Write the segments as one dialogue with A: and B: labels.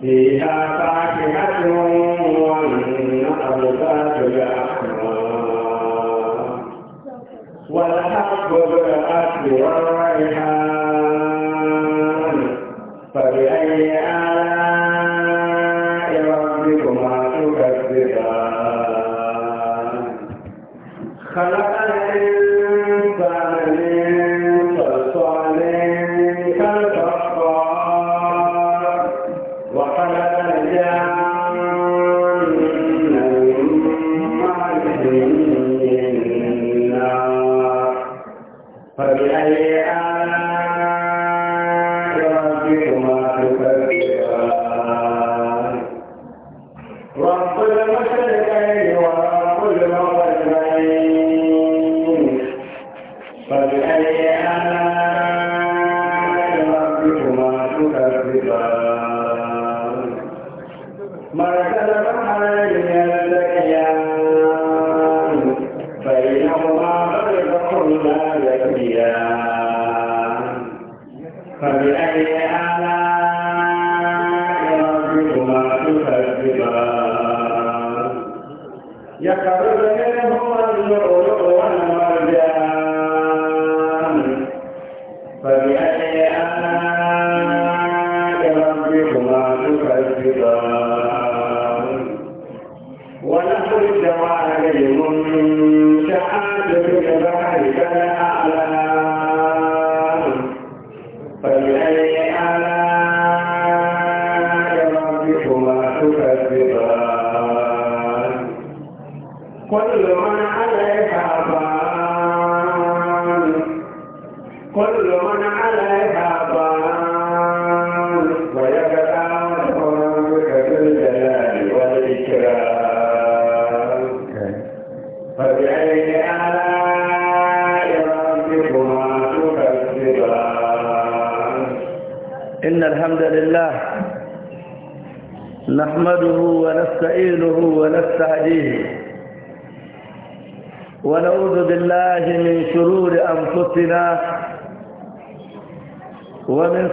A: فيها فاكهة والنخل ذات الأكمام والحب بالأكل والريحان فبأي آلاء ربكما تكذبان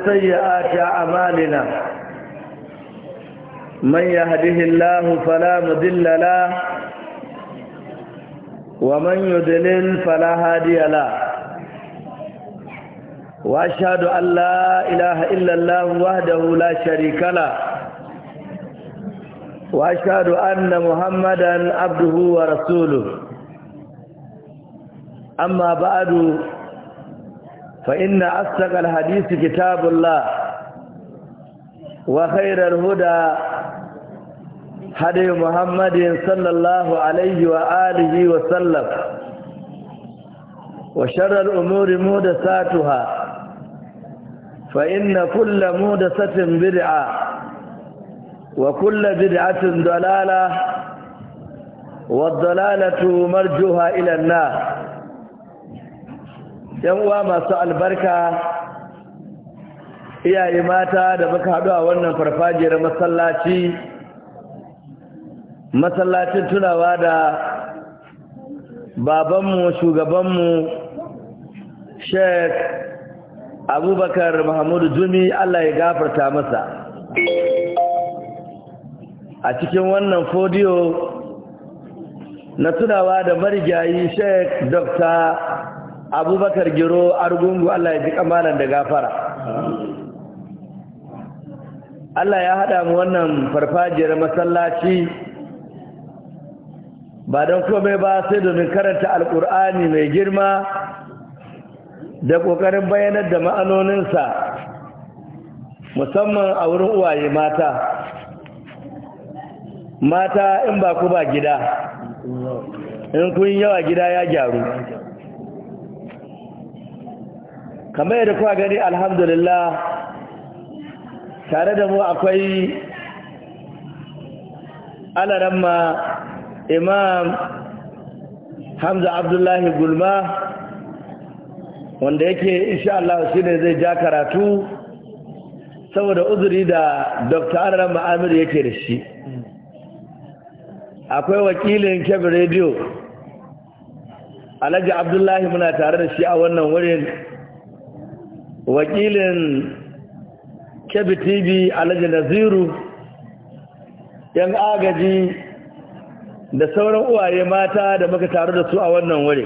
B: وسيئات أعمالنا من يهده الله فلا مضل له ومن يضلل فلا هادي له وأشهد أن لا إله إلا الله وحده لا شريك له وأشهد أن محمدا عبده ورسوله أما بعد فإن أصدق الحديث كتاب الله وخير الهدى هدي محمد صلى الله عليه وآله وسلم وشر الأمور مودساتها فإن كل مودسة بدعة وكل بدعة ضلالة والضلالة مرجوها إلى النار yan uwa masu albarka iyaye mata da muka haɗu a wannan farfajiyar masallaci masallacin tunawa da babanmu shugabanmu sheik abubakar mahamudu jumi allah ya gafarta masa a cikin wannan fodiyo na tunawa da marigayi sheik dr abubakar giro argungu Allah ya ji kamalan da gafara Allah ya haɗa mu wannan farfajiyar masallaci ba don komai ba sai domin karanta alƙur'ani mai girma da ƙoƙarin bayanar da ma'anoninsa musamman a wurin uwaye mata mata in ba ku ba gida in kun yawa gida ya gyaru kamar yadda kuwa gani alhamdulillah tare da mu akwai alaramma imam hamza abdullahi gulma wanda yake insha Allah shi ne zai ja karatu saboda uzuri da dr alaramma amir yake da shi akwai wakilin Keb rediyo alhaji abdullahi muna tare da shi a wannan wurin wakilin kebbi tv alhaji naziru yan agaji da sauran uwaye mata da muka taru da su a wannan wuri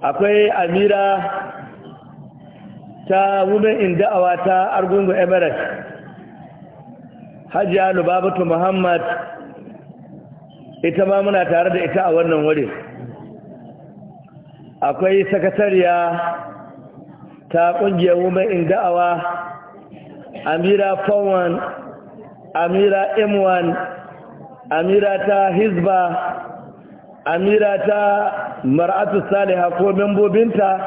B: akwai amira ta women inda'awa ta argungu emirates hajiya lubabatu muhammad ita ma muna tare da ita a wannan wuri akwai sakatariya ta kungiyar women in da'awa
C: amira fawon
B: amira m1
C: amira ta hizba
B: amira ta mar'atu saliha ko membobinta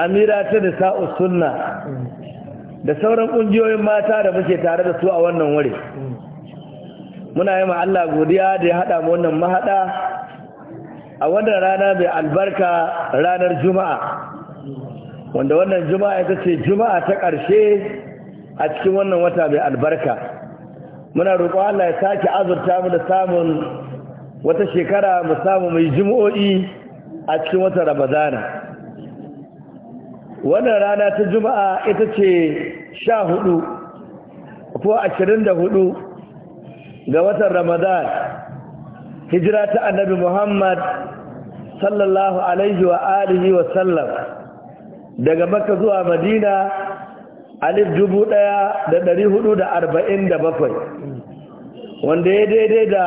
B: amira ta da sunna da sauran ƙungiyoyin mata da muke tare da su a wannan wuri muna yi Allah godiya da ya haɗa mu wannan mahaɗa a wannan rana mai albarka ranar juma'a wanda wannan juma'a ita ce juma'a ta ƙarshe a cikin wannan wata mai albarka muna roƙo Allah ya sake azurta mu da samun wata shekara mu samu mai juma'o'i a cikin wata ramadana wannan rana ta juma'a ita ce sha hudu ko ashirin da hudu ga watan ramadana hijira ta annabi muhammad sallallahu alaihi wa alihi wa sallam daga makka zuwa madina alif dubu ɗaya da ɗari hudu da arba'in da bakwai wanda ya daidai da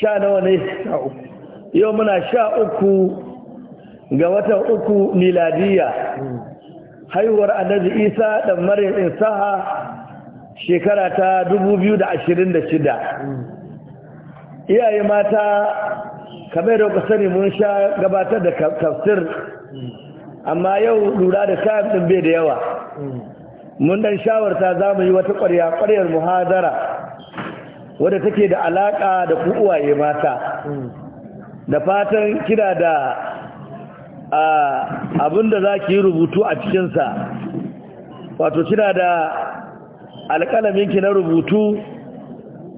B: sha nawa ne yau muna sha uku ga watan uku miladiya haihuwar annabi isa da maryam saha shekara ta dubu biyu da ashirin da shida iyaye mata kamar da kuka sani mun sha gabatar da tafsir amma yau lura da kayan ɗin bai da yawa mun dan shawarta za mu yi wata ƙwarya ƙwaryar muhadara wadda take da alaƙa da ku uwaye mata da fatan kina da abin da za ki yi rubutu a cikinsa wato kina da ki na rubutu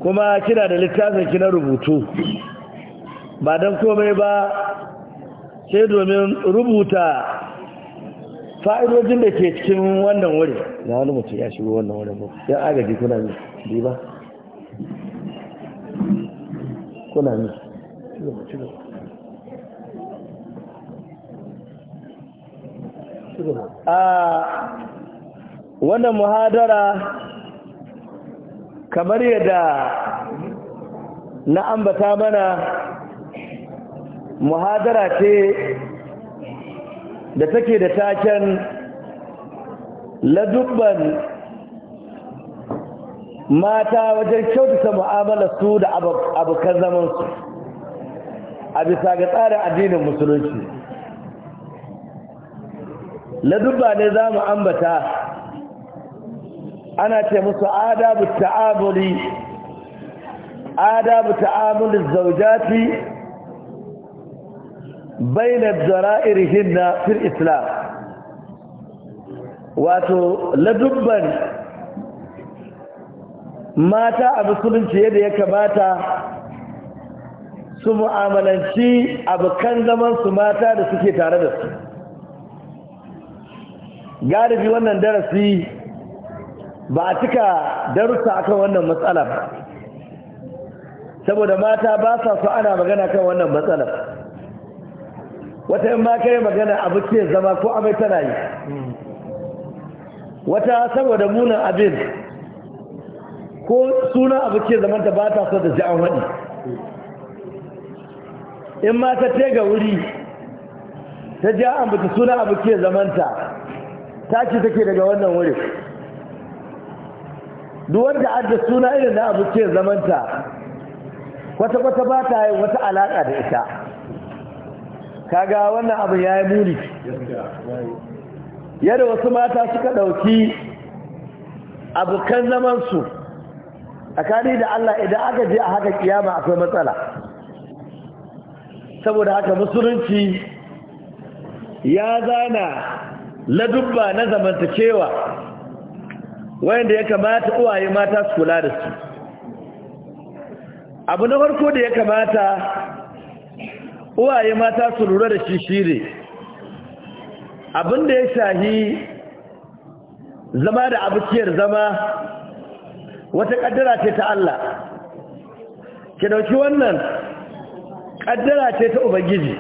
B: kuma kina da littafin kina rubutu ba don komai ba sai domin rubuta fa'idojin da ke cikin wannan wuri na wani mutum ya shigo wannan wuri ba yan agaji kuna ne bi ba kuna ne a ah, wannan muhadara kamar yadda na ambata mana muhadara ce da take da taken ladubban mata wajen kyautata mu'amala su da abokan zamansu a bisa ga tsarin addinin musulunci ladubba ne za mu ambata ana ce musu adabu ta'amuli adabu ta'amuli zaujati bainar zara'irihin fil islam wato ladubban mata a musulunci yadda ya kamata su mu'amalanci abokan su mata da suke tare da su galibi wannan darasi ba a cika darussa akan wannan matsalar saboda mata ba sa so ana magana kan wannan matsalar wata in ba kai magana abu ke zama ko amai tana yi wata saboda munin abin ko suna abu ke zamanta ba ta so da ji an waɗi in ma ta te ga wuri ta ji an bata suna abu ke zamanta ta ce take daga wannan wurin duk wanda adda suna irin na abu ce zamanta kwata-kwata ba ta yi wata alaƙa da ita kaga wannan abu ya yi muni yadda wasu mata suka ɗauki abokan zamansu tsakani da Allah idan aka je a haka kiyama akwai matsala saboda haka musulunci ya zana ladubba na zamantakewa wayanda ya kamata uwaye mata su kula da su abu na farko da ya kamata uwaye mata su lura da shi shire abinda ya shahi zama da abuciyar zama wata kaddara ce ta Allah ki dauki wannan kaddara ce ta ubangiji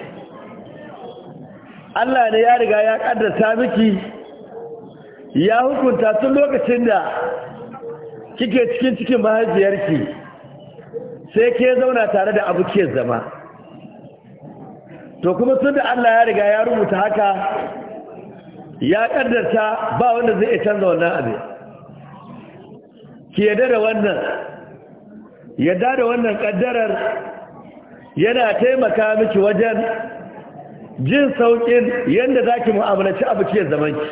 B: Allah ne ya riga ya kaddara miki ya hukunta tun lokacin da kike cikin cikin mahajiyarki sai ke zauna tare da abu ke zama to kuma tun da Allah ya riga ya rubuta haka ya kaddarta ba wanda zai canza wannan abin ki yadda da wannan yadda da wannan kaddarar yana taimaka miki wajen jin saukin yadda zaki mu'amalaci abu ke zamanki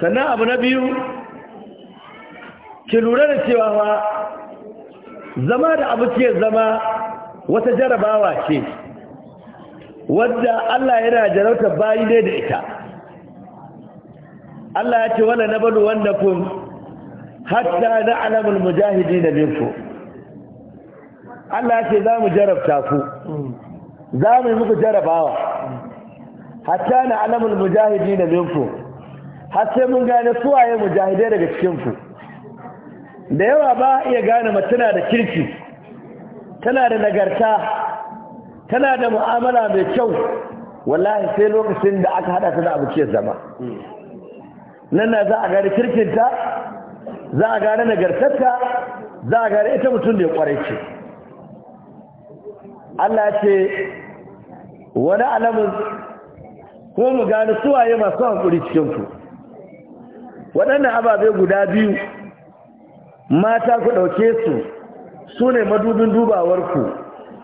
B: sannan abu na biyu ki lura da cewa ma zama da abu ke zama wata jarabawa ce wadda Allah yana jarauta bayi ne da ita Allah ya ce na wala nabalu wannakum hatta na'lamul mujahidin minkum Allah ya ce za mu jarabta ku za mu yi muku jarabawa hatta na'lamul mujahidin minkum har sai mun gane suwaye mujahidai daga cikinku da yawa ba iya gane mace tana da kirki tana da nagarta tana da mu'amala mai kyau wallahi sai lokacin da aka hada ta da abu zama nan na za a gane kirkinta za a gane nagartarta za a gane ita mutum da ya kwarai ce Allah ce wani alamun ko mu gane suwaye masu hankuri cikinku waɗannan ababe guda biyu mata ku ɗauke su su ne madubin dubawarku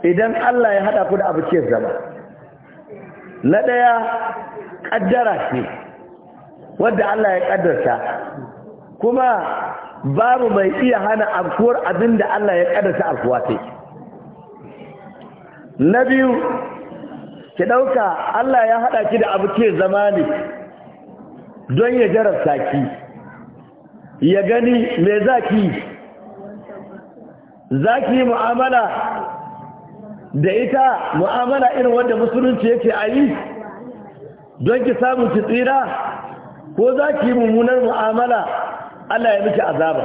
B: idan Allah ya haɗa ku da abu ce zama na ɗaya ƙaddara ce wadda Allah ya ƙaddarta kuma babu mai iya hana afkuwar abin da Allah ya ƙaddarta afkuwa ce na biyu ki ɗauka Allah ya haɗa ki da abu ce zama ne don ya jarabta ki ya gani me za ki za mu'amala da ita mu'amala irin wanda musulunci yake ayi don ki samu ki tsira ko za ki mummunar mu'amala Allah ya miki azaba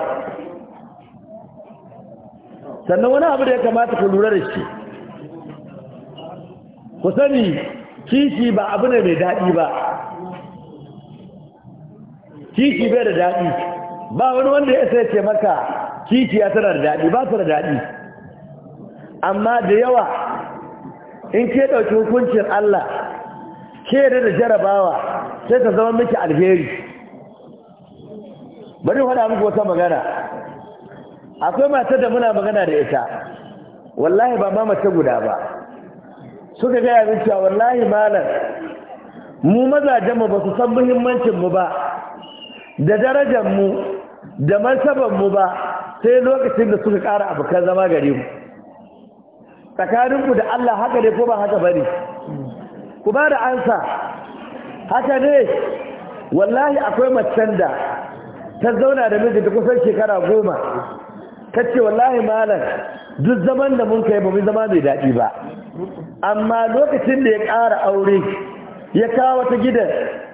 B: sannan wani abu da ya kamata ku lura da shi ku sani kishi ba abu ne mai daɗi ba kiki bai da daɗi ba wani wanda ya sai ce maka kiki ya tana da daɗi ba ta da daɗi amma da yawa in ke ɗauki hukuncin Allah ke da jarabawa sai ta zama miki alheri bari faɗa muku wata magana akwai matar da muna magana da ita wallahi ba ma mace guda ba suka gaya min cewa wallahi malam mu mazajen mu ba su san muhimmancin mu ba da darajar mu da martaban mu ba sai lokacin da suka ƙara abokan zama gare mu tsakaninku da Allah haka ne ko ba haka bane ku ba da ansa haka ne wallahi akwai macen da ta zauna da miji da kusan shekara goma ta ce wallahi malam duk zaman da mun kai ba mu zama mai daɗi ba amma lokacin da ya ƙara aure ya kawo wata gidan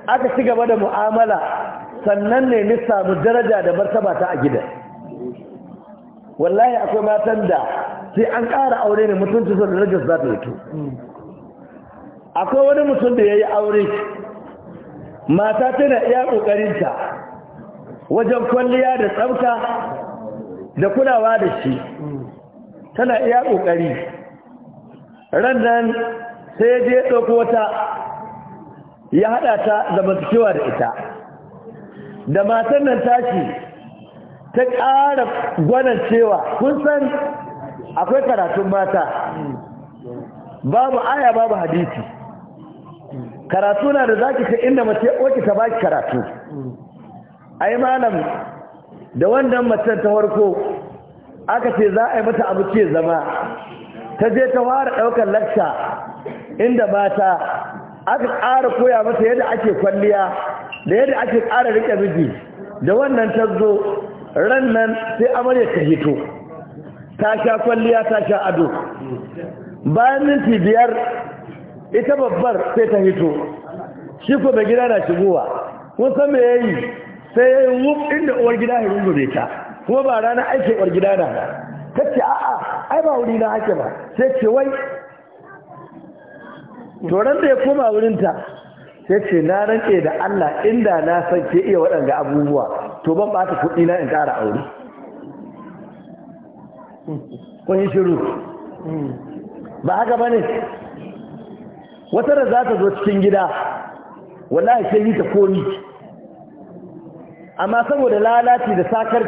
B: aka ci gaba da mu'amala sannan ne ni samu daraja da martaba ta a gida wallahi akwai matan da sai an ƙara aure ne mutunci sun darajar za ta yato akwai wani mutum da ya yi aure mata tana iya ƙoƙarinta wajen kwalliya da tsafta da kulawa da shi tana iya ƙoƙari ran nan sai ya je ɗauko wata ya haɗa ta zamantakewa da ita da matan nan tashi ta ƙara gwanan cewa kun san akwai karatun mata babu aya babu hadisi karatu na da za ki ta inda mace oki ta baki karatu ai malam da wannan macen ta farko aka ce za a yi mata abu ce zama ta je ta fara ɗaukar lakta inda mata aka ƙara koya mata yadda ake kwalliya da yadda ake ƙara rike miji da wannan ta zo ran nan sai amarya ta hito ta sha kwalliya ta sha ado bayan minti biyar ita babbar sai ta hito shi ko mai gida na shigowa kun san me yayi sai yayi wuf inda uwar gida ya rungume ta kuma ba rana aiki uwar gida na ta ce a'a ai ba wuri na hake ba sai ce wai to ran da ya koma wurin ta sai ce na rantse da Allah inda na san ke iya waɗanda abubuwa to ban ɓata kuɗi na in ƙara aure kun yi shiru ba haka ba ne wata da za ta zo cikin gida wallahi sai yi ta komi amma saboda lalaci da sakar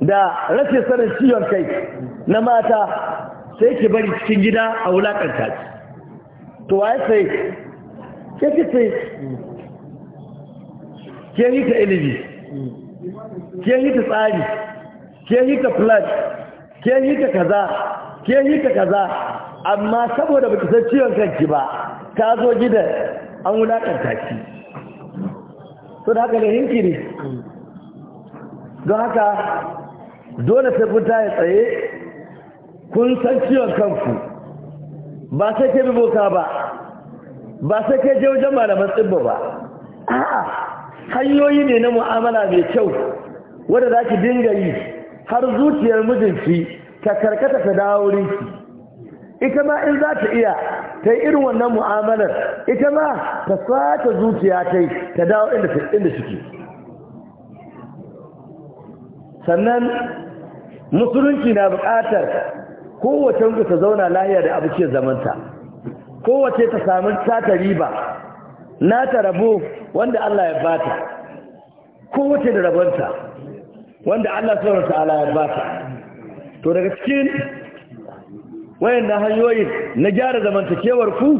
B: da rashin sanin ciwon kai na mata sai ke bari cikin gida a wulakanta to waye sai ke kike ke yi ta ilimi ke yi ta tsari ke yi ta plan ke yi ta kaza ke yi ta kaza amma saboda baki san ciwon kanki ba ta zo gidan an wulakanta ki to da haka ne ne don haka dole sai kun taye tsaye kun san ciwon kanku ba sai ke bi boka ba ba sai kai je wajen malaman tsibba ba a'a hanyoyi ne na mu'amala mai kyau wanda zaki dinga yi har zuciyar mijinki ta karkata ta dawo wurinki ita ma in za ta iya ta yi irin wannan mu'amalar ita ma ta sata zuciya ta yi ta dawo inda suke sannan musulunci na bukatar kowace ta zauna lahiya da abu ke zamanta kowace ta samu sata riba na ta rabo wanda Allah ya bata kowace da rabonta wanda Allah sauran ta'ala ya bata to daga cikin wayannan hanyoyi na gyara zamantakewar ku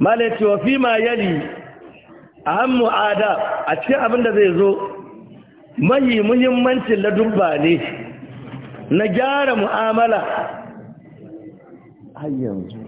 B: malai wa fi ma yali ahammu ada a cikin abin da zai zo mahi muhimmancin ladubba ne na gyara mu'amala har yanzu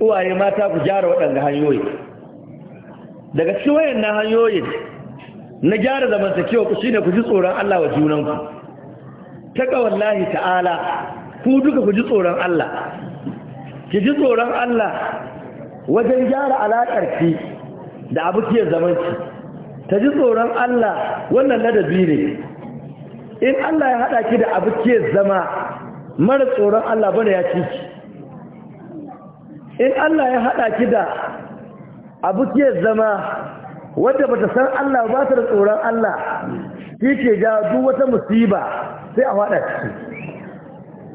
B: uwaye mata ku gyara waɗanda hanyoyi daga cikin na hanyoyin na gyara zamantakewa ku shine ku ji tsoron Allah wa junanku ƙawar lahi ta'ala ku duka ku ji tsoron Allah ki ji tsoron Allah wajen gyara alaƙar ki da abukiyar zamanci ta ji tsoron Allah wannan ladabi ne in Allah ya haɗa ki da abukiyar zama mara tsoron Allah bane ya ci ki in Allah ya haɗa ki da abu ke zama wadda ba ta san Allah ba ta da tsoron Allah shi ke ja duk wata musiba sai a haɗa ciki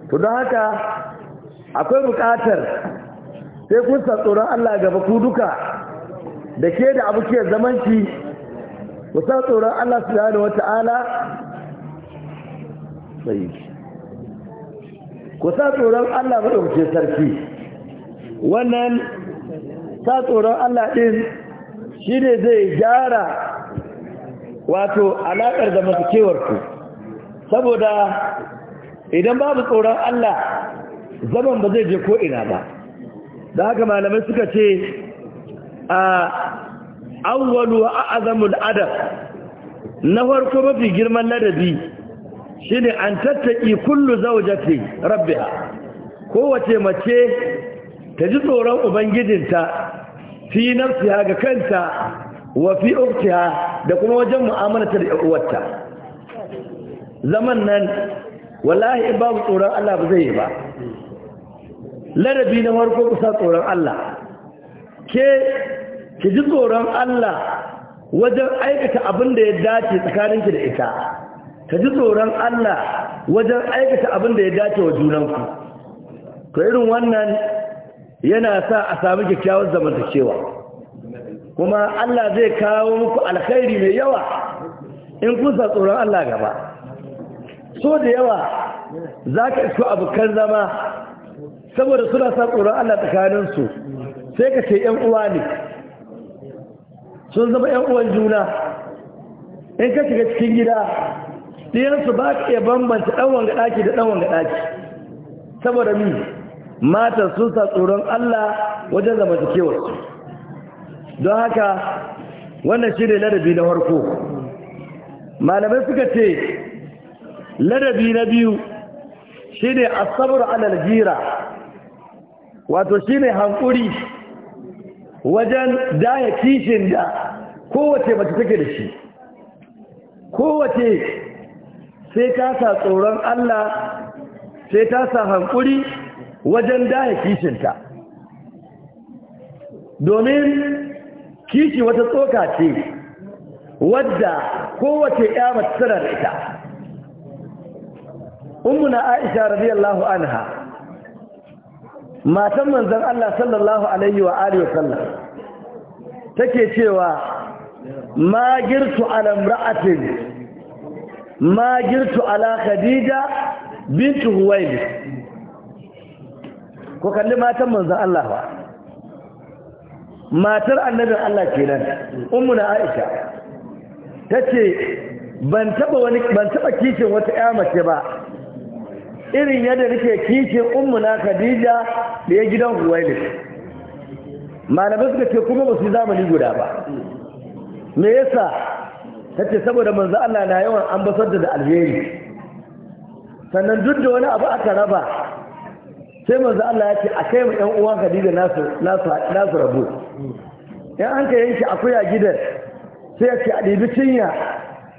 B: to don haka akwai buƙatar sai kun san tsoron Allah gaba ku duka da ke da abu ke zamanci ku san tsoron Allah subhanahu wata ala ku san tsoron Allah madaukakin sarki wannan ta tsoron Allah ɗin shi ne zai gyara wato alaƙar da ku saboda idan babu tsoron Allah zaman ba zai je ko'ina ba da haka malamai suka ce a awwalu wa azamul adab na farko mafi girman ladabi shine an tattaki kullu zawjati rabbiha kowace mace ta ji tsoron ubangijinta fi nafsiha ga kanta wa fi uktiha da kuma wajen mu'amalata da uwarta zaman nan wallahi in babu tsoron Allah ba zai yi ba larabi na farko kusa tsoron Allah ke ki ji tsoron Allah wajen aikata abin da ya dace tsakaninki da ita ka ji tsoron Allah wajen aikata abin da ya dace wa junanku to irin wannan yana sa a sami kyakkyawar zamantakewa kuma Allah zai kawo muku alkhairi mai yawa in kun sa tsoron Allah gaba so da yawa za ka isko abokan zama saboda suna sa tsoron Allah tsakaninsu sai ka ce ‘yan uwa ne sun zama ‘yan uwan juna in ka shiga cikin gida ɗiyansu ba ka iya bambanta ɗan wanga ɗaki da ɗan wanga ɗaki saboda mi matan sun sa tsoron Allah wajen zama zamantakewarsu don haka wannan shi ne ladabi na harko malamai suka ce ladabi na biyu shi ne asabar alalgira wato shi ne hankuri wajen daya kishin da kowace mace take da shi kowace sai ta sa tsoron Allah sai ta sa hankuri wajen daya kishinta domin kishi wata tsoka ce wadda kowace ya matsara da ita ummuna aisha radiyallahu anha matan manzan Allah sallallahu alaihi wa alihi wa sallam take cewa ma girtu ala imra'atin ma girtu ala khadija bint huwaylid ko kalli matan manzon Allah ba matar annabin Allah kenan ummu na Aisha tace ban taba wani ban taba kishin wata ƴa mace ba irin yadda nake kishin ummu na Khadija da ya gidan Huwailid malamai suka ce kuma ba su zamani guda ba me yasa tace saboda manzo Allah na yawan ambatar da alheri sannan duk da wani abu aka raba sai manzo Allah ya ce a kai ma uwan Khadija nasu nasu rabu in an ka yanki akuya gidan sai ya ce a ɗibi cinya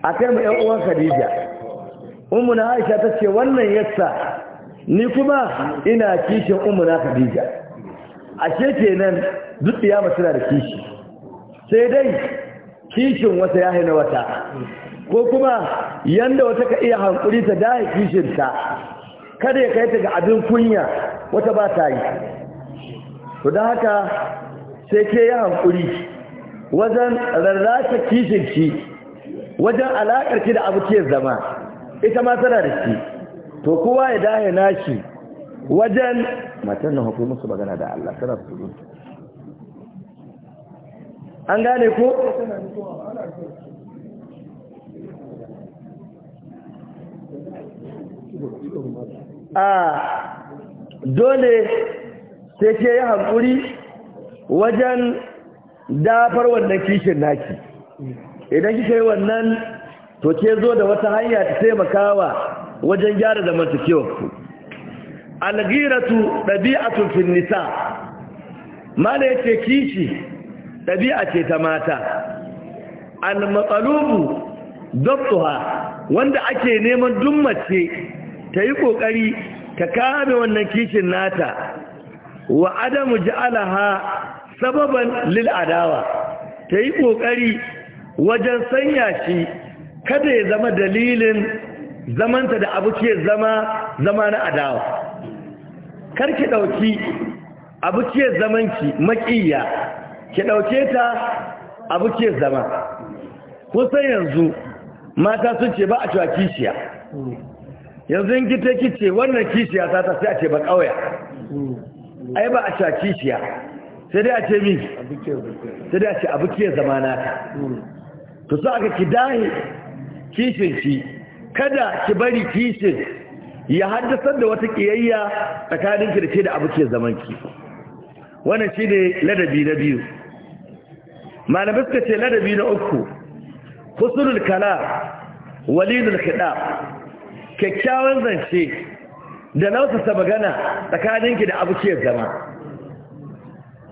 B: a kai ma uwan Khadija ummu na Aisha ta ce wannan yassa ni kuma ina kishin ummu na Khadija ashe kenan duk iyama tana da kishi sai dai kishin wata ya haina wata ko kuma yanda wata ka iya hankuri ta kishin ta. kada ya kai ta ga abin kunya wata ba ta yi to don haka sai ke yi hankuri wajen rarrasa ki wajen ki da abu ke zama ita ma tana da shi to kowa ya dahe nashi wajen matan na hukumu musu magana da Allah tana su an gane ko a dole sai ke yi hankuri wajen dafar wannan kishin naki idan kika yi wannan to ke zo da wata hanya ta taimakawa wajen gyara da masu ku. algiratu ɗabi'atun finnisa mana ce kishi ɗabi'a ce ta mata almatsalubu dabtuha wanda ake neman dummace ta yi ƙoƙari ta kame wannan kishin nata wa adamu ja'alaha sababan lil adawa ta yi ƙoƙari wajen sanya shi kada ya zama dalilin zamanta da abu ke zama zama na adawa kar ki ɗauki abu ke zamanki maƙiya ki ɗauke ta abu ke zama kusan yanzu mata sun ce ba a cewa kishiya yanzu ki ta kice wannan kishiya ta ta sai a ce ba kauya ai ba a sha kishiya sai dai a ce mi sai dai a ce abu ke zamana ta to sai aka kidahi kishin shi kada ki bari kishin ya haddasar da wata kiyayya ki da ke da abu ke zamanki wannan shi ne ladabi na biyu malamai suka ce ladabi na uku husnul kala walidul khidab kyakkyawan zance da nautata magana tsakaninki da abokiyar zama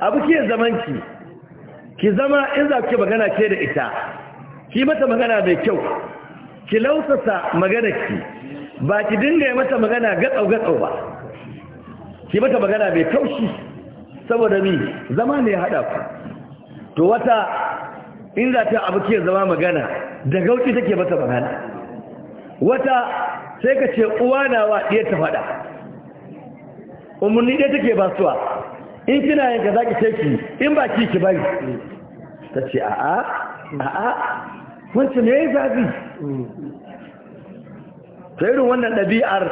B: abokiyar zamanki ki zama in za ki magana ke da ita ki mata magana mai kyau ki magana maganarki ba ki dinga yi mata magana gatsau-gatsau ba ki mata magana mai taushi saboda mi zama ne ya haɗa ku to wata in za ta abokiyar zama magana da gauci take mata magana wata sai ka ce uwa na wa ɗiyar ta faɗa umarni ɗaya take ba suwa in kina yanka za ki teki in ba ki ki bari ta ce a'a a'a wancan ya zafi ta irin wannan ɗabi'ar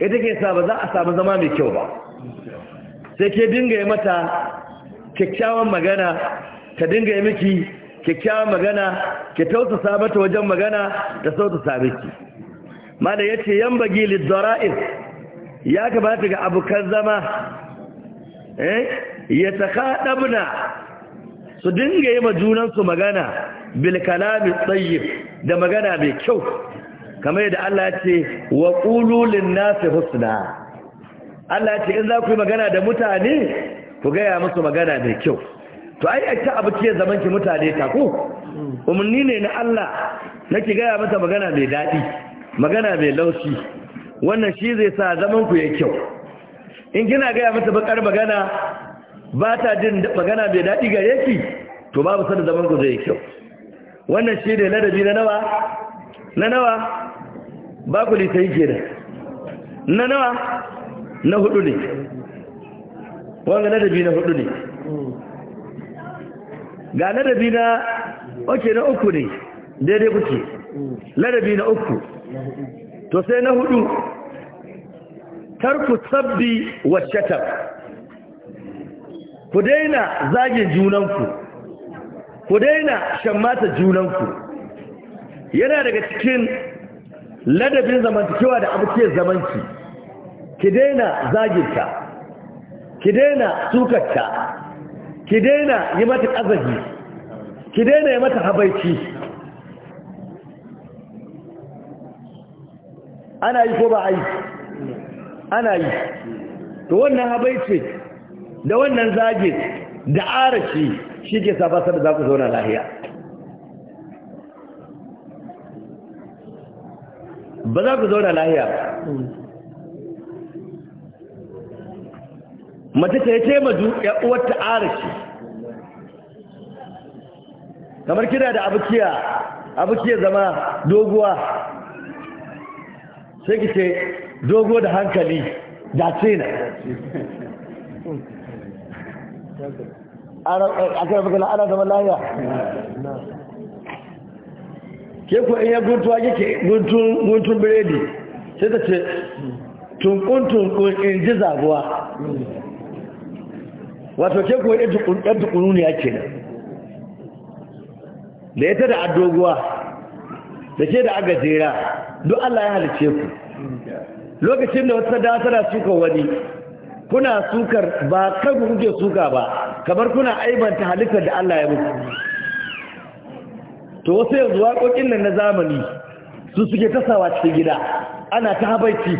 B: ita ke sa ba za a samu zama mai kyau ba sai ke dinga yi mata kyakkyawan magana ta dinga yi miki kyakkyawan magana ke tausasa mata wajen magana da sautu sabiki mala ya ce yan bagi lidzara'in ya kamata ga abokan zama eh, ya saka ɗabna su dinga yi majunansu magana bilkalami tsayyib da magana mai kyau kamar yadda Allah ce wa ƙululin nasi husna Allah ce in za ku yi magana da mutane ku gaya musu magana mai kyau to ai ta abu ke zaman ki mutane ta ku umarni ne na Allah nake gaya mata magana mai daɗi magana mai laushi wannan shi zai sa zaman ku yayi kyau in kina gaya mata bakar magana ba ta jin magana mai daɗi gare ki to babu sanin zaman ku zai kyau wannan shi ne ladabi na nawa na nawa ba ku litai kenan na nawa na hudu ne wanga ladabi na hudu ne ga ladabi na oke na uku ne daidai kuke ladabi na uku to sai na hudu tarku sabbi wa shatar ku daina zage junanku ku daina shammata junanku yana daga cikin ladabin zamantakewa da abokin zamanki ki daina ta ki daina sukarta ki daina yi mata azabi ki daina yi mata habaici ana yi ko ba a yi ana yi to wannan habaice da wannan zage da arashi shi ke sabasar da za ku zauna lahiya ba za ku zauna lahiya mace ta yi taimaju ya ta arashi kamar kina da abukiya abukiya zama doguwa sai ki ce dogo da hankali da ce na a kan magana ana zama lahiya ke ku in ya guntuwa yake guntun biredi sai ta ce tunkun-tunkun in ji zaguwa wato ke ku ɗan tukunu ne yake nan da ya ta da adoguwa da ke da agajera duk Allah ya halice ku lokacin da wata da tana suka wani kuna sukar ba kan kuke suka ba kamar kuna aibanta halittar da Allah ya muku to wasu yanzu waƙoƙin nan na zamani su suke tasawa cikin gida ana ta habaici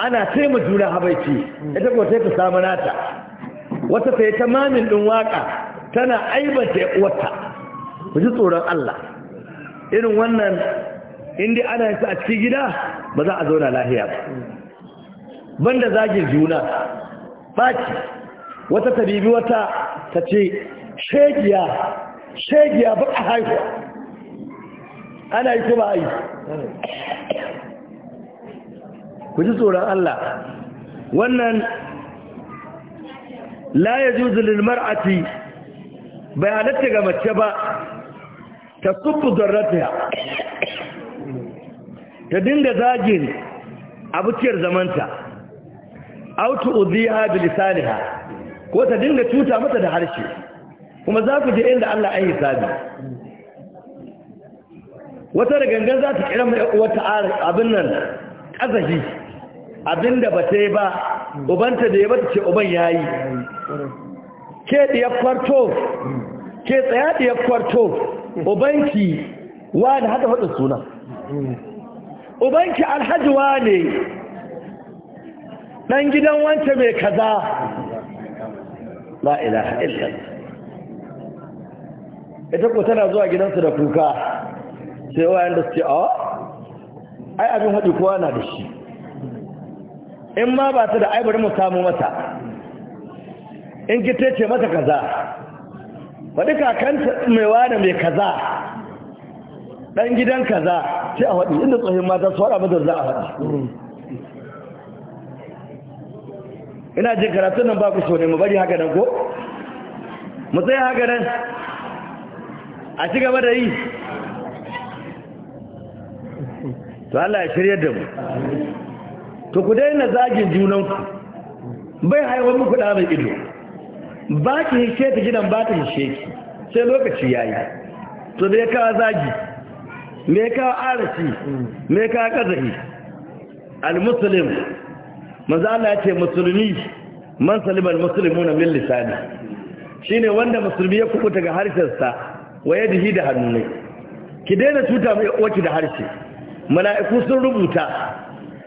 B: ana taima juna habaici ita ko sai ta samu nata wata sai ta mamin din waka tana aibanta uwarta ku ji tsoron Allah irin wannan inda ana yasa a cikin gida ba za a zauna lahiya ba banda zagin juna baki wata tabibi wata ta ce shegiya shegiya ba a haihuwa ana yi ko ba a yi ku ji tsoron Allah wannan la ya juzu lilmar'ati bai halatta ga mace ba ta sufu zarratiya ta dinga zagin abuciyar zamanta autu udhiha bi ko ta dinga cuta mata da harshe kuma za ku je inda Allah yi hisabi wata da gangan za ta kira mai wata abin nan kazahi abinda ba ta yi ba ubanta da ya bata ce uban yayi ke kwarto ke tsaya diyar kwarto ubanki da hada hada suna ubanki alhajiwa ne ɗan gidan wance mai kaza la ilaha illallah ita ko tana zuwa gidansu da kuka sai wayan da suke awa oh, ai abin haɗi kowa na da shi in ma ba ta da ai bari mu samu mata in gita ce mata kaza duka kakanta mai wane mai kaza Ɗan gidan kaza sai a faɗi inda tsohon mata su haɗa mazar za a faɗi ina jin karatun nan ba ku so ne mu bari haka nan ko mu tsaye haka nan a ci gaba da yi to Allah ya shirya da mu to ku daina zagin junanku bai haihuwar muku da mai ido ba ki hishe ta gidan ba ta hishe ki sai lokaci yayi to da ya kawo zagi me ka arashi me ka kazahi al-muslim manzo Allah ya ce musulmi man salima al-muslimuna min lisani shine wanda musulmi ya kubuta ga harshensa waye dihi da hannu ki daina tuta mai waki da harshe mala'iku sun rubuta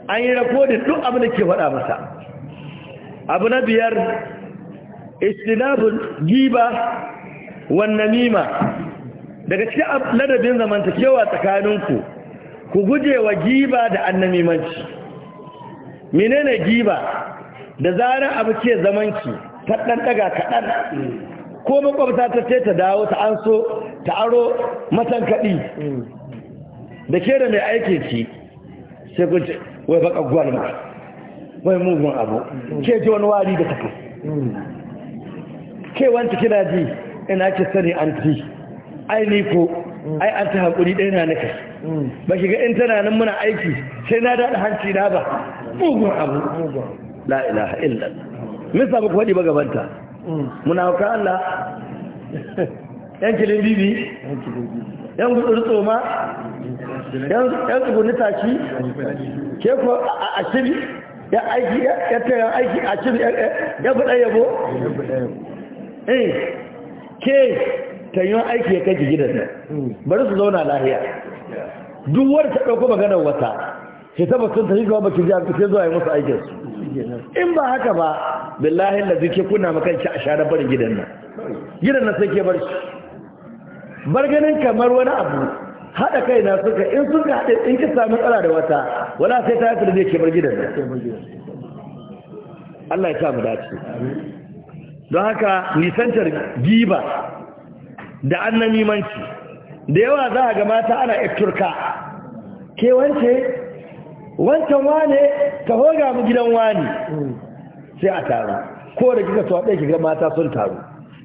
B: an yi rakodin duk abin da ke faɗa masa abu na biyar istinabul giba wan namima daga cikin ladabin zamantakewa tsakaninku ku guje wa giba da annamimanci menene giba da zarar abu ke zamanki ta ɗan ɗaga kaɗan ko makwabta ta ce ta dawo ta an so ta aro matan kaɗi da ke da mai aiki ci sai kun ce wai baka gwalma wai mugun abu ke ji wani wari da tafi mm. ke wanta kina ji ina ke sani an ci ai ni ko ai an ta hakuri ɗaya na naka mm. ba shiga in tana nan muna aiki sai na daɗa hanci na ba mugun abu la ilaha illa mun samu kwaɗi ba gabanta mm. muna hauka Allah yan kilin bibi yan gudu tsoma yan tsuguni tashi ke ko a shiri ya aiki ya taya aiki a shiri ya buɗa yabo eh ke ta yi aiki ya kai ki gidan nan bari su zauna lahiya duk wanda ta ɗauko maganar wata ke taba sun tafi zuwa baki ji ke zuwa yi musu aikin su in ba haka ba billahi lazi zuke kuna maka ki a share barin gidan nan gidan nan sai ke bar shi bar ganin kamar wani abu haɗa kai na suka in sun ka haɗe in ki samu matsala da wata wala sai ta yi da ke bar gidan nan Allah ya sa mu dace don haka nisantar giba da annamimanci da yawa za a ga mata ana ekturka ke wance wancan wane ka hoga mu gidan wani sai a taru ko da kika tuwa ɗaya kika mata sun taru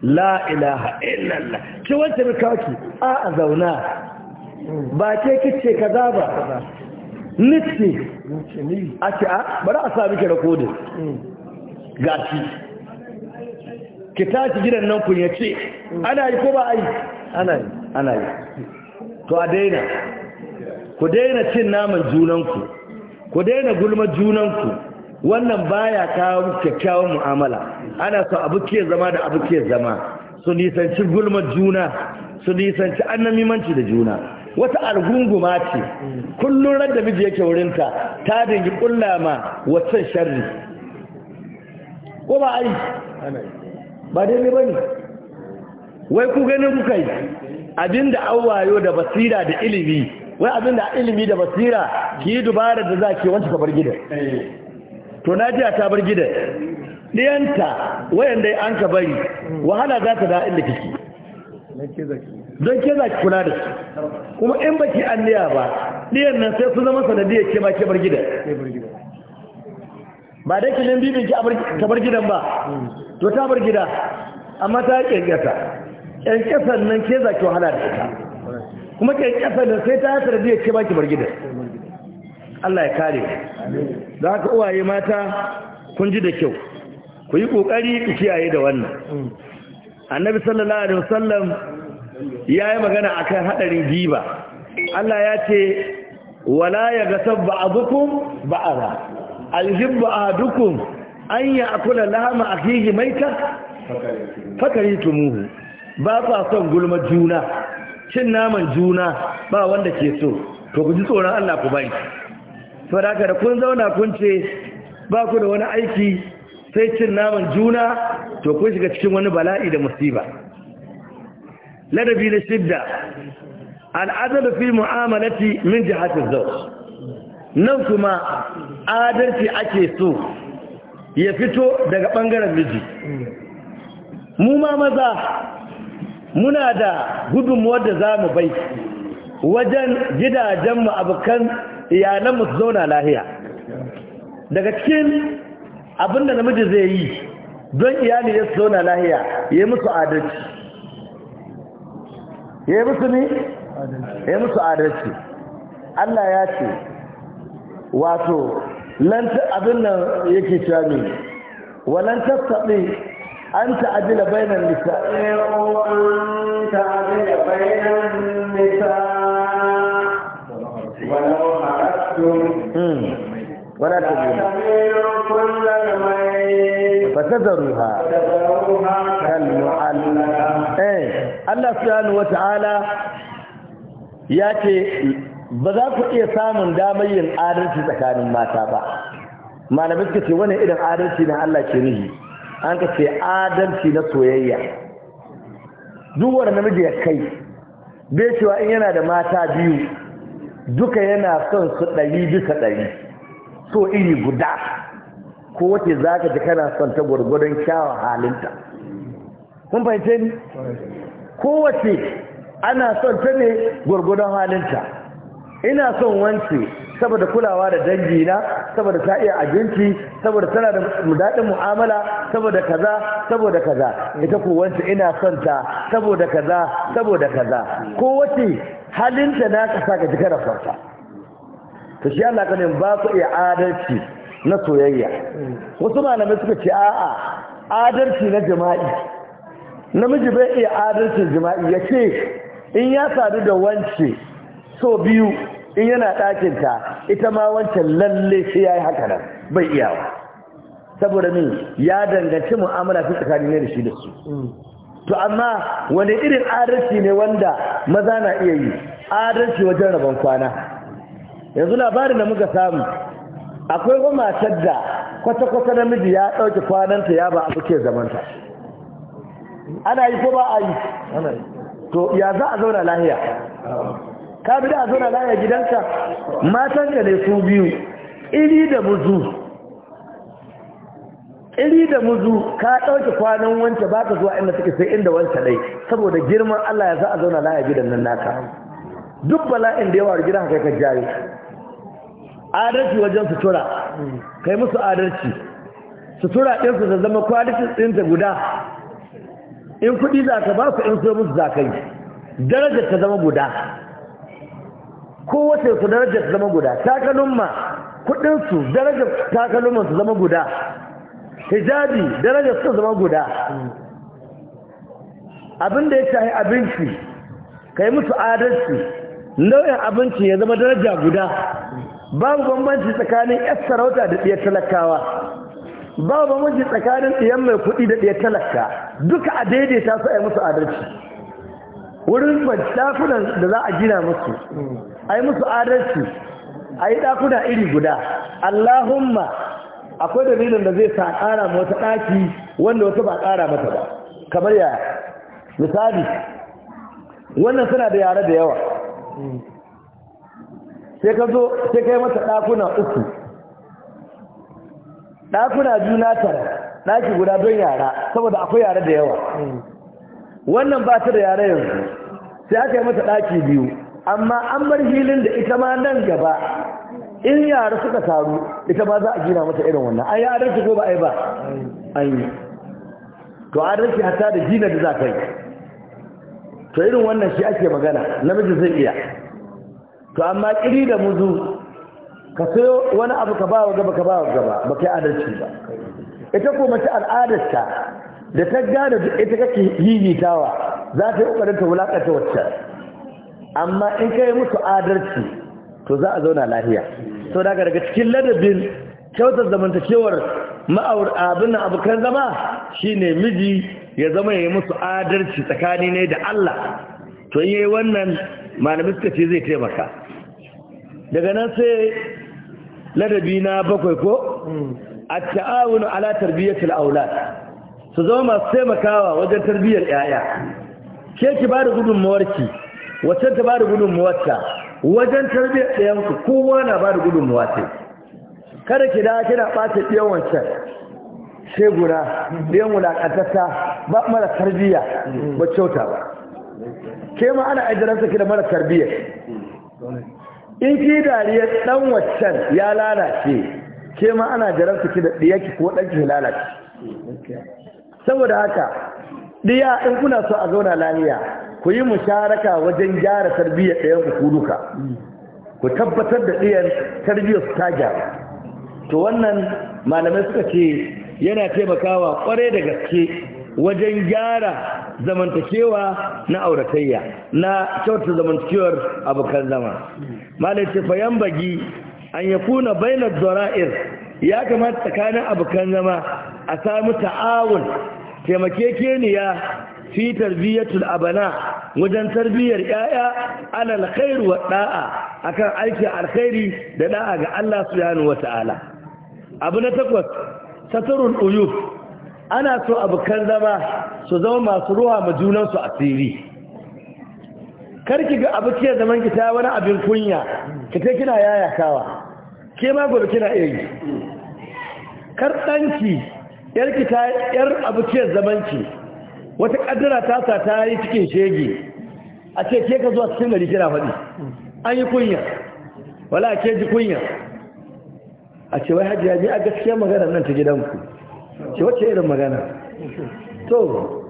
B: la ilaha illallah ce wance mai kawaki a a zauna ba ke kice za ba nitsi a ce a bari a sami kira kodin. Mm. gashi ki tashi gidan nan kun yace ana yi ko ba ai ana yi ana yi to a daina ku daina cin naman junanku ku daina gulma junanku wannan baya kawo kyakkyawan mu'amala ana so abu ke zama da abu zama su nisanci gulma juna su nisanci annamimanci da juna wata algunguma ce kullum ran da miji yake wurinta ta dingi kulla ma sharri ko ba ai ba daidai ba ne wai ku ganin kuka yi abinda an wayo da basira da ilimi wai abinda ilimi da basira ki yi dubara da za ke wancan bar gidan to na jiya ta bar gidan ɗiyanta wayan dai an ka bari wahala za ta da inda kiki don ke za ki kula da su kuma in baki an liya ba ɗiyan nan sai su zama sanadiyar ke ma ke bar gidan ba dai kilin bibin ki bar gidan ba to ta bar gida amma ta kyankyasa kyankyasar nan ke za ki wahala da ita kuma kyankyasar nan sai ta yi da ya ce ba ki bar gida Allah ya kare da haka uwaye mata kun ji da kyau ku yi ƙoƙari ku kiyaye da wannan annabi sallallahu alaihi wasallam ya yi magana a kan haɗarin giba Allah ya ce wala ya gasar ba'adukum ba alhibba dukun an yi akula lahama a mai maita fakari tumuhu ba a son gulma juna cin naman juna ba wanda ke so to ku ji tsoron Allah ku bai saboda da kun zauna kun ce ba ku da wani aiki sai cin naman juna to kun shiga cikin wani bala'i da musiba ladabi na shidda al'adalu fi mu'amalati min jihati zawj nan kuma adalci ake so ya fito daga ɓangaren miji mu ma maza muna da gudunmuwar da za mu bai wajen gidajenmu abokan iyalanmu su zauna lahiya daga cikin abinda namiji zai yi don iyali ya su zauna lahiya ya yi musu adalci ya yi musu ne? ya yi musu adalci Allah ya ce wato lan abin nan yake cewa ne walan tattaɓe an ta'adila bainan nisa an ta'adila bainan nisa
A: walau harastun ولا تميلوا
B: كل الميل فتذروها كالمعلقة ايه الله سبحانه وتعالى ياتي ba za ku iya samun damar yin adalci tsakanin mata ba malamai suka ce wani irin adalci na Allah ke nihi an ka ce adalci na soyayya duk wani namiji ya kai bai cewa in yana da mata biyu duka yana son su ɗari bisa ɗari so iri guda ko wace za ka ji kana son ta gwargwadon kyawun halinta kun fahimce ni kowace ana son ta ne gwargwadon halinta ina son wance saboda kulawa da dangi na saboda ta iya abinci saboda tana da daɗin mu'amala saboda kaza saboda kaza ita ko wance ina son ta saboda kaza saboda kaza ko wace halinta na kasa ka ji kana farka to shi Allah kanin ba ku iya adalci na soyayya wasu malamai suka ce a'a adalci na jima'i namiji bai iya adalcin jima'i yace in ya sadu da wance so biyu in yana ɗakinta ita ma wancan lalle shi ya yi haka nan bai iyawa saboda min ya danganci mu'amala ta tsakanin ne da shi da su to amma wani irin adalci ne wanda maza na iya yi adalci wajen rabon kwana yanzu labarin da muka samu akwai wa matar da kwata-kwata namiji ya ɗauki kwananta ya ba a suke zamanta ana yi ko ba a yi to ya za a zauna lahiya ka bi da a zauna laye gidanka matan ka ne su biyu iri da muzu iri da muzu ka ɗauki kwanan wancan ba ka zuwa inda suke sai inda wancan dai saboda girman Allah ya za a zauna laye gidan nan naka duk bala'in da yawa gidan haka ka jari adalci wajen sutura kai musu adalci sutura ɗinsu da zama kwalitin ɗinta guda in kuɗi za ka ba su in so musu za ka yi darajar ta zama guda Ko wace su darajar su zama guda takalumma kudin su darajar ma su zama guda hijabi darajar su zama guda abin da ya shahi abinci kai musu adalci nau'in abinci ya zama daraja guda babu bambanci tsakanin yar sarauta da ɗiyar talakawa babu bambanci tsakanin ɗiyar mai kuɗi da ɗiyar talaka duka a daidaita su a yi musu adalci wurin dafunan da za a gina musu a yi musu adalci a yi ɗakuna iri guda allahumma akwai dalilin da zai sa ƙara ma wata ɗaki wanda wata ba ƙara mata ba kamar yaya misali wannan suna da yare da yawa sai ka zo sai ka yi mata ɗakuna uku ɗakuna juna tara ɗaki guda don yara saboda akwai yare da yawa wannan ba ta da yare yanzu sai aka yi mata ɗaki biyu amma an bar filin da ita ma nan gaba in yara suka taru ita ma za a gina mata irin wannan an yi adalci ko ba a yi ba an yi to adalci hatta da gina da za ta yi to irin wannan shi ake magana namiji zai iya to amma kiri da muzu ka sayo wani abu ka bawa gaba ka bawa gaba ba kai adalci ba ita ko mace al'adarta da ta gane ita kake hihitawa za ta yi ƙoƙarin ta wulaƙanta wacce amma in kai musu adalci to za a zauna lafiya to daga daga cikin ladabin kyautar zamantakewar ma'aur abin abokan zama shine miji ya zama ya musu adalci tsakani ne da Allah to yi wannan malami suka ce zai taimaka daga nan sai ladabi na bakwai ko a ala tarbiyyatul aulad su zama masu taimakawa wajen tarbiyyar yaya ke ki ba da gudunmawarki wacce ta bada gudunmuwarta wajen tarbiyyar ɗayanku kowa na bada gudunmuwa ce kada ki da kina ɓata ɗiyan wancan sai guda ɗiyan wulaƙantata ba mara tarbiyya ba kyauta ba ke ma ana ajiyarsa ki da mara tarbiyyar in ki dariyar ɗan wancan ya lalace ke ma ana jararsa kina da ɗiyarki ko ɗanki ya lalace saboda haka ɗiya in kuna so a zauna lamiya. ku yi musharaka wajen gyara tarbiyyar ɗayan ku ku tabbatar da ɗayan tarbiyyar su ta gyara to wannan malamai suka ce yana taimakawa ƙwarai da gaske wajen gyara zamantakewa na auratayya na kyauta zamantakewar abokan zama malai ce fayan bagi an ya kuna bainar zara'ir ya kamata tsakanin abokan zama a samu ta'awun taimakekeniya fi tarbiyatul abana wajen tarbiyyar 'ya'ya alal khair wa da'a akan aikin alkhairi da da'a ga Allah subhanahu wata'ala abu na takwas satarul uyub ana so abukan zama su zama masu ruwa ma junan su asiri karki ga abu ke zaman ki ta wani abin kunya ki ta kina yayakawa ke ma gobe kina iya yi kar danki ki ta yar abu zaman ki wata kaddara ta sa ta yi cikin shege a ce ke ka zuwa cikin gari kira faɗi an yi kunya wala ke ji kunya a ce wai hajiya ne a gaskiya magana nan ta gidanku ce wacce irin magana to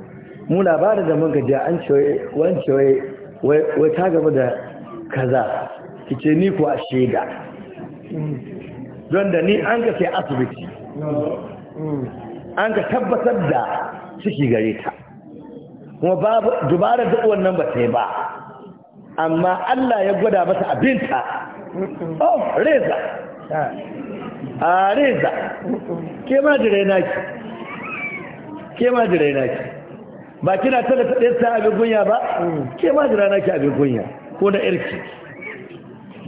B: mu labarin da muka ji an ce wani wai ta gaba da kaza ki ce ni ko a shaida don da ni an ka sai asibiti an ka tabbatar da ciki gare ta kuma babu dubara duk wannan ba sai ba amma Allah ya gwada masa abinta oh reza a reza ke ma jire na ki ke ma jire na ki ba kina tana ta ɗaya abin gunya ba ke ma jira na ki abin gunya? ko na irki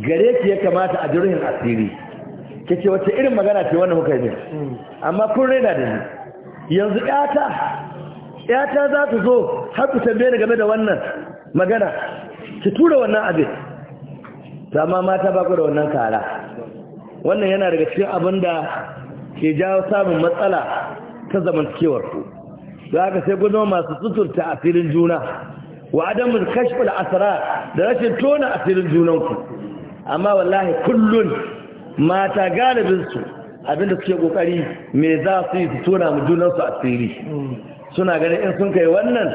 B: gare ki ya kamata a jirgin asiri ke ce wace irin magana ce wannan muka yi amma kun raina da ni yanzu ƙata yata za su zo har ku tambaye ni game da wannan magana ki tura wannan abin ma mata ba ku da wannan kara wannan yana daga cikin abin da ke jawo samun matsala ta zamantakewar ku Za haka sai ku masu masu a asirin juna wa adamun kashful asrar da rashin tona asirin ku amma wallahi kullun mata galibinsu abinda suke kokari me za su yi su tona mu a asiri suna ganin in sun kai wannan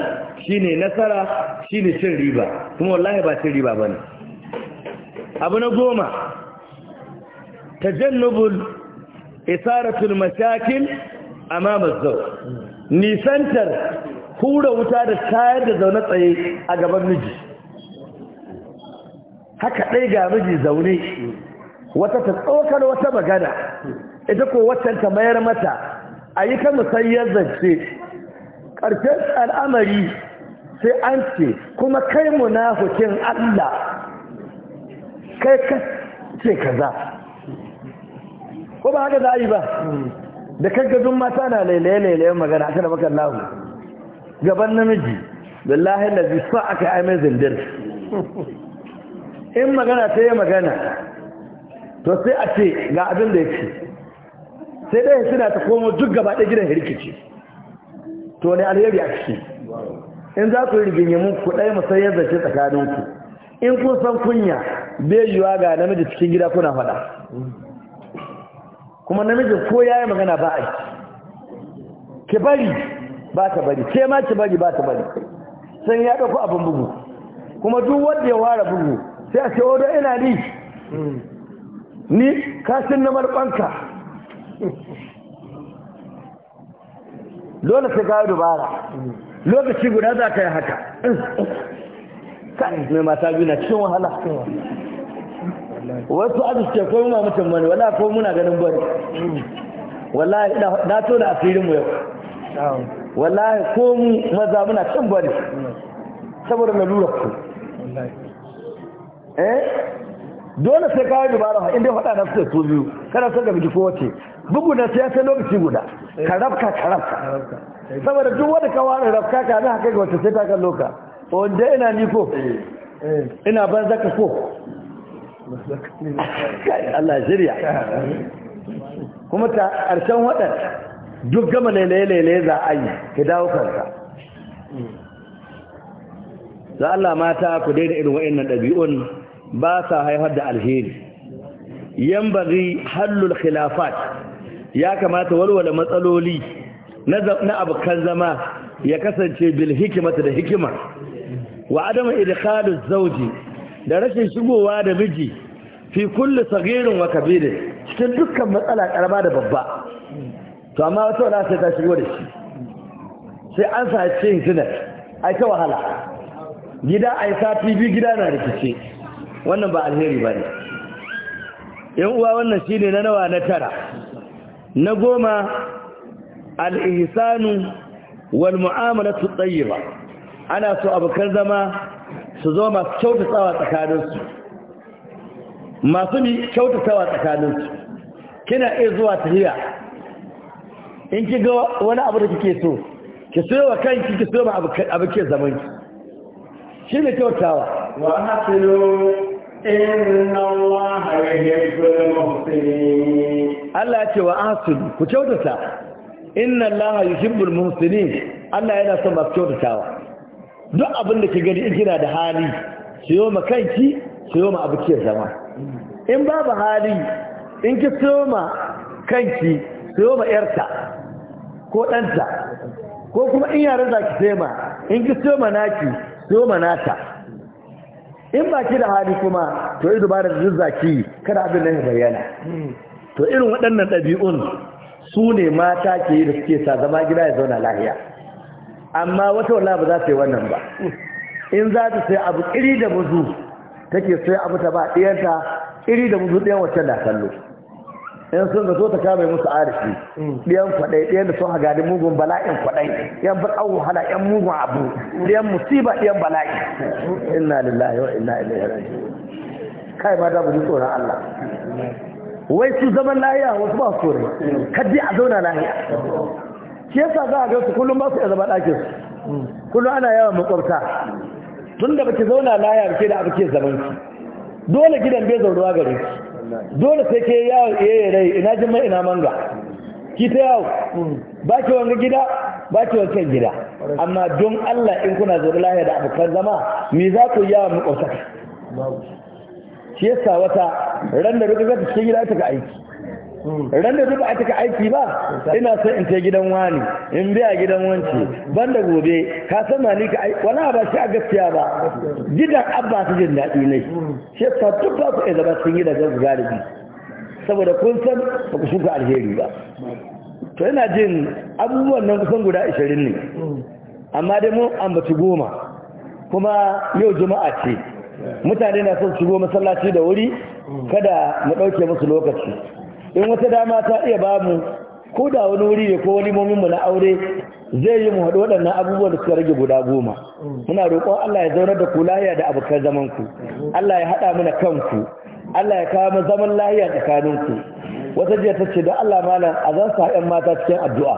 B: shine nasara shine cin riba kuma wallahi ba cin riba bane abu na goma tajannubul isaratul mashakil amama zau nisantar hura wuta da tayar da zaune tsaye a gaban miji haka ɗai ga miji zaune wata ta tsokar wata magana ita ko waccan ta mayar mata a yi ta musayyar zance ƙarfin al'amari sai an ce kuma kai munafukin Allah kai ka ce kaza ko ba haka za a yi ba da kaggazin mata na lailayen magana aka da makan lahu gaban namiji billahi da zuwa aka yi mai zindir in magana ta yi magana to sai a ce ga abin da ya ce sai ɗaya suna ta komo duk gaba ɗaya gidan rikici to wani alheri a ciki in za ku yi rigingimin ku ɗaya da zace tsakaninku in kun san kunya bai yiwa ga namiji cikin gida kuna faɗa kuma namiji ko ya yi magana ba a ki bari ba ta bari ke ma ki bari ba ta bari sun ya ɗauko abin bugu kuma duk wanda ya ware bugu sai a ce odo ina ni hmm. ni kasin na marɓanka dole sai ka dubara lokaci guda za ka yi haka mai mata biyu na cikin wahala wasu abu ke koyi ma mutum wani wala ko muna ganin bari wallahi na da asirin mu yau wallahi ko mu maza muna cikin bari saboda na lura ku eh dole sai kawai dubara inda ya faɗa na suke su biyu kada sun ga ko wace bugu na sai sai lokaci guda eh. ka rafka ka rafka saboda duk wanda ka ware rafka ka na haka ga wata sai ta kan loka wanda ina ni ko eh. Eh. ina ban zaka ko Allah shirya kuma ta ƙarshen waɗanda duk gama lele-lele za a yi ka dawo kanka za hmm. Allah mata ku daina irin wa'in nan ɗabi'un ba sa haifar da alheri yan bari hallul khilafat ya kamata walwala matsaloli na abokan zama ya kasance bil hikimata da hikima wa adama idkhalu zawji da rashin shigowa da miji fi kulli saghirin wa kabirin cikin dukkan matsala karba da babba to amma wato wala sai ta shigo da shi sai an sace ne ai ta wahala gida ai sa tv gida na rikice wannan ba alheri ba ne yan uwa wannan shi ne na nawa na tara na goma al'ihisanu wal tsaye ba? ana so abokan zama su zo masu kyautatawa tsakaninsu masu ne kyautatawa tsakaninsu kina iya zuwa tahiya in ki ga wani abu da kike so ki so wa kanki ki so ma abokin zamanki shi ne kyautawa wa hasilu إن الله يحب المحسنين الله يتوى أحسن كتوتسا إن الله يحب Allah yana son سمى kyautatawa. duk abin da ke gani in kina da hali siyo ma kanki siyo ma abokiyar zama in babu hali in ki siyo ma kanki siyo ma yarta ko ɗanta ko kuma in yaran za ki siyo ma in ki siyo ma naki siyo ma nata in ba ki da hali kuma to yi dubarar zuzzaki kada abin nan ya bayyana to irin waɗannan ɗabi'un su ne mata ke yi da suke sa zama gida ya zauna lahiya amma wata wala ba za su yi wannan ba in za su sai abu iri da muzu take sai abu ta ba ɗiyanta iri da muzu ɗayan wacce da kallo yan sun zato ta kama musu arifi mm. ɗiyan kwaɗai ɗiyan da sun da mugun bala'in kwaɗai ɗiyan baƙan wahala ɗiyan mugun abu ɗiyan musiba ɗiyan bala'i inna lillahi wa inna ilaihi raji'un kai ma da mu ji tsoron Allah wai su zaman lahiya wasu ba su ne kaddi a zauna lahiya shi yasa za a ga su kullum ba su iya zama ɗakin su mm. kullum ana yawan makwabta tun da baki zauna lahiya bake da abu ke zaman ki dole gidan bai zauruwa gare ki dole sai ke yawo yayi eh, rai ina jin ina manga ki ta yawo mm, ba ki wanga gida ba ki wancan gida amma don Allah in kuna zo lahiya da abokan zama me za ku yawon mu kwata shi yasa wata ran da ruka ta cikin gida ta ga aiki ran da duk a cika aiki ba ina son in ce gidan wani in biya gidan wanci banda gobe ka san ma ni ka wala ba shi a gaskiya ba gidan abba ta jin daɗi ne shi ta duk ba ku zama cikin gidan ga galibi saboda kun san ba ku shuka alheri ba to ina jin abubuwan nan kusan guda ashirin ne amma dai mun ambaci goma kuma yau juma'a ce mutane na son shigo masallaci da wuri kada mu ɗauke musu lokaci in wata dama ta iya ba mu ko da wani wuri ne ko wani mu na aure zai yi mu haɗu waɗannan abubuwan da suka rage guda goma muna roƙon Allah ya zaunar da ku lahiya da abokan zaman ku Allah ya haɗa mana kanku Allah ya kawo zaman lahiya tsakanin ku wata jiya ta ce don Allah malam a zan sa ƴan mata cikin addu'a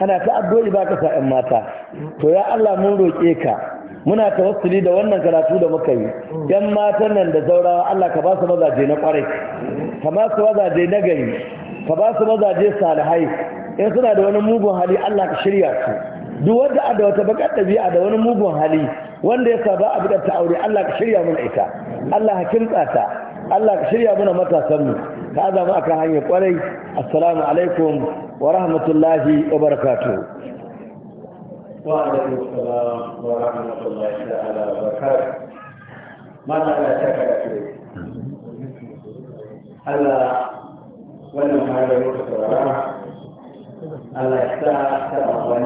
B: kana ta addu'a ba ka sa ƴan mata to ya Allah mun roƙe ka muna tawassuli da wannan karatu da muka yi yan matan nan da zaurawa Allah ka ba su mazaje na kwarai ka ba su mazaje na gari ka ba su mazaje salihai in suna da wani mugun hali Allah ka shirya su duk wanda a da wata bakar ɗabi'a da wani mugun hali wanda ya saba a bukar aure Allah ka shirya mana ita Allah ka tsata, Allah ka shirya mana matasan mu ka azama akan hanyar kwarai assalamu alaikum wa rahmatullahi wa barakatuh
A: وعليكم السلام ورحمة الله تعالى وبركاته ما لا شك فيه ألا ولم هذا يكسر
B: الله
C: يحتاج